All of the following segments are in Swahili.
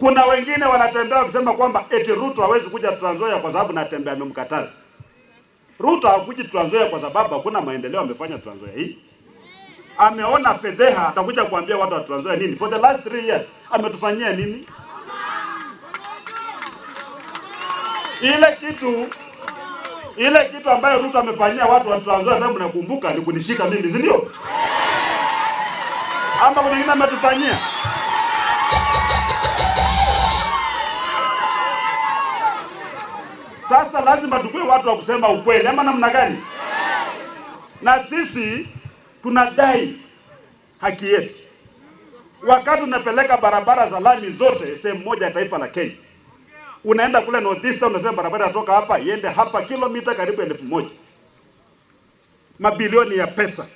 Kuna wengine wanatembea wakisema kwamba eti Ruto hawezi kuja Trans Nzoia kwa sababu natembea amemkataza. Ruto hakuji Trans Nzoia kwa sababu hakuna maendeleo amefanya Trans Nzoia hii. Ameona fedheha, atakuja kuambia watu wa Trans Nzoia nini? For the last three years ametufanyia nini? Ile kitu ile kitu ambayo Ruto amefanyia watu wa Trans Nzoia, mnakumbuka, ni kunishika mimi, si ndio? Ama kuna kingine ametufanyia Sasa lazima tukue watu wa kusema ukweli, ama namna gani? Na sisi tunadai haki yetu. Wakati unapeleka barabara za lami zote sehemu moja ya taifa la Kenya, unaenda kule North East, unasema barabara inatoka hapa iende hapa kilomita karibu elfu moja mabilioni ya pesa.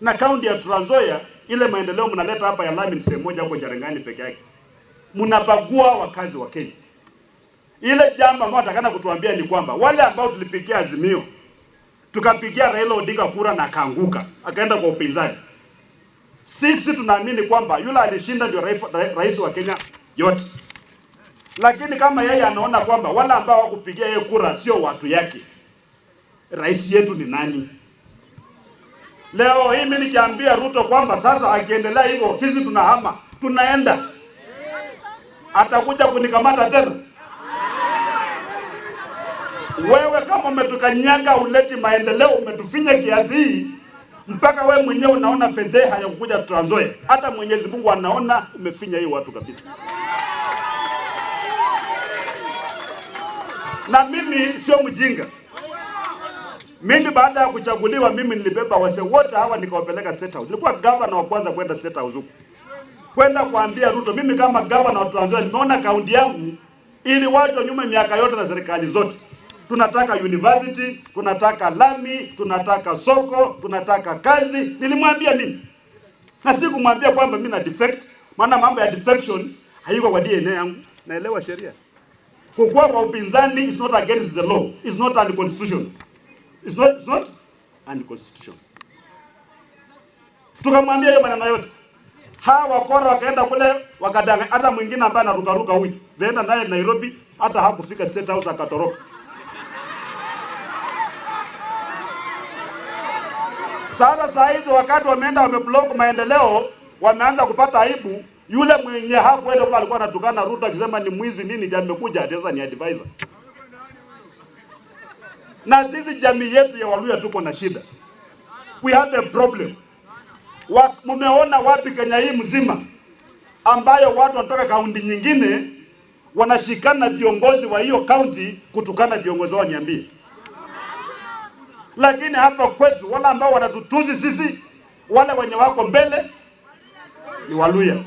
Na kaunti ya Trans Nzoia, ile maendeleo mnaleta hapa ya lami ni sehemu moja huko Cherangani peke yake, mnabagua wakazi wa Kenya. Ile jambo ambalo atakana kutuambia ni kwamba wale ambao tulipigia azimio, tukapigia Raila Odinga kura na akaanguka, akaenda kwa upinzani, sisi tunaamini kwamba yule alishinda ndio rais wa Kenya yote, lakini kama yeye anaona kwamba wale ambao wakupigia yeye kura sio watu yake, rais yetu ni nani? Leo hii mimi nikiambia Ruto kwamba sasa akiendelea hivyo sisi tunahama, tunaenda, atakuja kunikamata tena. Wewe kama umetukanyaga, uleti maendeleo, umetufinya kiasi hii mpaka we mwenyewe unaona fedheha ya kukuja Trans Nzoia. Hata Mwenyezi Mungu anaona umefinya hii watu kabisa. Na mimi sio mjinga. Mimi baada ya kuchaguliwa, mimi nilibeba wase wote hawa nikawapeleka State House. Nilikuwa gavana wa kwanza kwenda State House huko, kwenda kuambia Ruto, mimi kama gavana wa Trans Nzoia nimeona kaunti yangu ili watu nyuma miaka yote na serikali zote tunataka university, tunataka lami, tunataka soko, tunataka kazi. Nilimwambia nini? na sikumwambia kwamba mimi na defect, maana mambo ya defection haiko kwa DNA yangu, naelewa sheria. Kukua kwa upinzani is not against the law, is not unconstitutional, It's not it's not unconstitutional. Tukamwambia hiyo maneno yote, hawa wakora wakaenda kule wakadanga. Hata mwingine ambaye anarukaruka huyu, naenda naye Nairobi, hata hakufika State House akatoroka. Sasa saa hizi wakati wameenda wameblock maendeleo, wameanza kupata aibu. Yule mwenye hapo ende kule alikuwa anatukana Ruto akisema ni mwizi nini, ndiye amekuja sasa ni advisor. Na sisi jamii yetu ya Waluya tuko na shida, we have a problem. Wa, mumeona wapi Kenya hii mzima ambayo watu wanatoka kaunti nyingine wanashikana viongozi wa hiyo kaunti kutukana viongozi wao, niambie. Lakini hapa kwetu wale ambao wanatutuzi sisi, wale wenye wako mbele ni Waluya.